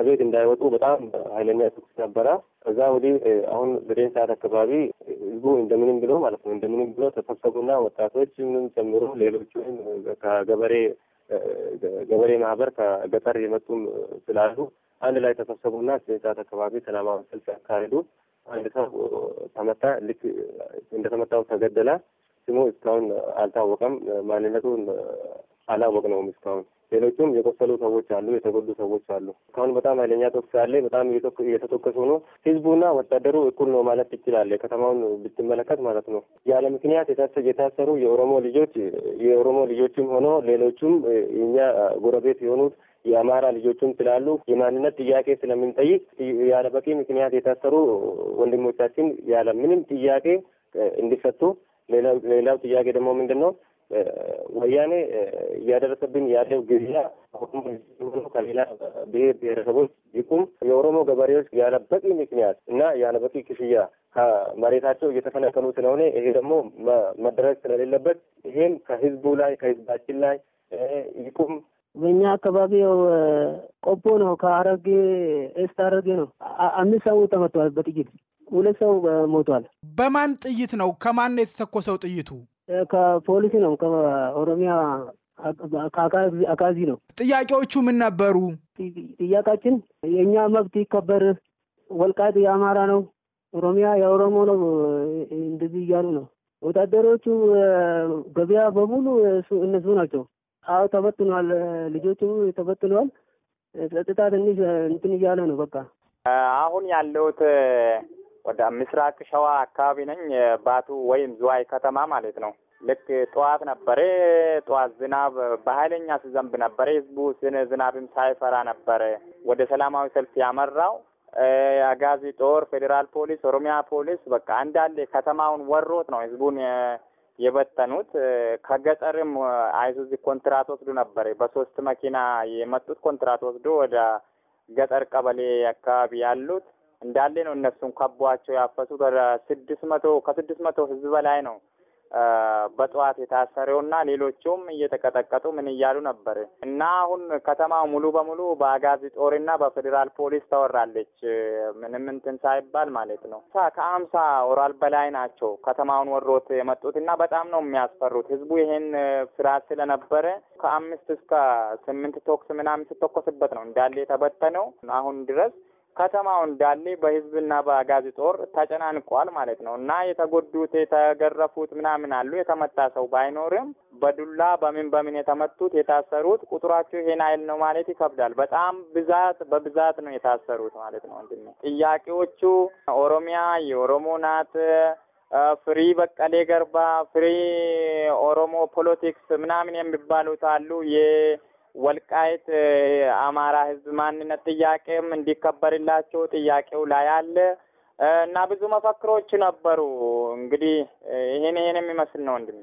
ከቤት እንዳይወጡ በጣም ኃይለኛ ትኩስ ነበረ። ከዛ ወዲህ አሁን በደን ሰዓት አካባቢ ህዝቡ እንደምንም ብሎ ማለት ነው እንደምንም ብሎ ተሰብሰቡና ወጣቶች ምንም ጨምሮ ወይም ከገበሬ ገበሬ ማህበር ከገጠር የመጡም ስላሉ አንድ ላይ ተሰብሰቡና ስንት ሰዓት አካባቢ ሰላማዊ ሰልፍ ያካሄዱ። አንድ ሰው ተመታ። ልክ እንደተመታው ተገደለ። ስሙ እስካሁን አልታወቀም። ማንነቱን አላወቅነውም እስካሁን። ሌሎቹም የቆሰሉ ሰዎች አሉ፣ የተጎዱ ሰዎች አሉ። እስካሁን በጣም ኃይለኛ ተኩስ አለ። በጣም እየተተኮሱ ነው። ህዝቡና ወታደሩ እኩል ነው ማለት ትችላለ። ከተማውን ብትመለከት ማለት ነው። ያለ ምክንያት የታሰሩ የኦሮሞ ልጆች የኦሮሞ ልጆችም ሆኖ ሌሎቹም የኛ ጎረቤት የሆኑት የአማራ ልጆችም ስላሉ የማንነት ጥያቄ ስለምንጠይቅ ያለ በቂ ምክንያት የታሰሩ ወንድሞቻችን ያለ ምንም ጥያቄ እንዲፈቱ ሌላው ጥያቄ ደግሞ ምንድን ነው? ወያኔ እያደረሰብን ያለው ግብያ ኦሮሞ ከሌላ ብሔር ብሔረሰቦች ይቁም። የኦሮሞ ገበሬዎች ያለበቂ ምክንያት እና ያለበቂ ክፍያ ከመሬታቸው እየተፈናቀሉ ስለሆነ ይሄ ደግሞ መደረግ ስለሌለበት ይሄም ከህዝቡ ላይ ከህዝባችን ላይ ይቁም። በእኛ አካባቢው ቆቦ ነው። ከአረጌ ኤስት አረጌ ነው። አምስት ሰው ተመቷል በጥይት ሁለት ሰው ሞቷል። በማን ጥይት ነው? ከማን የተተኮሰው ጥይቱ? ከፖሊስ ነው፣ ከኦሮሚያ አካዚ ነው። ጥያቄዎቹ ምን ነበሩ? ጥያቄያችን የእኛ መብት ይከበር፣ ወልቃይት የአማራ ነው፣ ኦሮሚያ የኦሮሞ ነው፣ እንደዚህ እያሉ ነው። ወታደሮቹ ገበያ በሙሉ እነሱ ናቸው። አዎ ተበትኗል፣ ልጆቹ ተበትኗል። ጸጥታ ትንሽ እንትን እያለ ነው። በቃ አሁን ያለሁት ወደ ምስራቅ ሸዋ አካባቢ ነኝ። ባቱ ወይም ዝዋይ ከተማ ማለት ነው። ልክ ጠዋት ነበረ። ጠዋት ዝናብ በኃይለኛ ሲዘንብ ነበረ። ህዝቡ ዝናብም ሳይፈራ ነበረ ወደ ሰላማዊ ሰልፍ ያመራው። አጋዚ ጦር፣ ፌዴራል ፖሊስ፣ ኦሮሚያ ፖሊስ በቃ አንዳንዴ ከተማውን ወሮት ነው ህዝቡን የበተኑት። ከገጠርም አይሱዚ ኮንትራት ወስዱ ነበረ በሶስት መኪና የመጡት ኮንትራት ወስዶ ወደ ገጠር ቀበሌ አካባቢ ያሉት እንዳለ ነው። እነሱም ከቧቸው ያፈሱ ስድስት መቶ ከስድስት መቶ ህዝብ በላይ ነው በጠዋት የታሰረውና ሌሎቹም እየተቀጠቀጡ ምን እያሉ ነበር እና አሁን ከተማው ሙሉ በሙሉ በአጋዚ ጦርና በፌዴራል ፖሊስ ተወራለች። ምንም እንትን ሳይባል ማለት ነው። ከአምሳ ወራል በላይ ናቸው ከተማውን ወሮት የመጡት እና በጣም ነው የሚያስፈሩት። ህዝቡ ይሄን ፍርሃት ስለነበረ ከአምስት እስከ ስምንት ቶክስ ምናምን ስተኮስበት ነው እንዳለ የተበተነው አሁን ድረስ ከተማው እንዳለ በህዝብና በአጋዚ ጦር ተጨናንቋል ማለት ነው እና የተጎዱት የተገረፉት ምናምን አሉ። የተመታ ሰው ባይኖርም በዱላ በምን በምን የተመቱት የታሰሩት ቁጥራቸው ይሄን አይል ነው ማለት ይከብዳል። በጣም ብዛት በብዛት ነው የታሰሩት ማለት ነው። ወንድሜ ጥያቄዎቹ ኦሮሚያ የኦሮሞ ናት፣ ፍሪ በቀሌ ገርባ፣ ፍሪ ኦሮሞ ፖለቲክስ ምናምን የሚባሉት አሉ ወልቃይት አማራ ህዝብ ማንነት ጥያቄም እንዲከበርላቸው ጥያቄው ላይ አለ እና ብዙ መፈክሮች ነበሩ። እንግዲህ ይሄን ይሄን የሚመስል ነው ወንድሜ።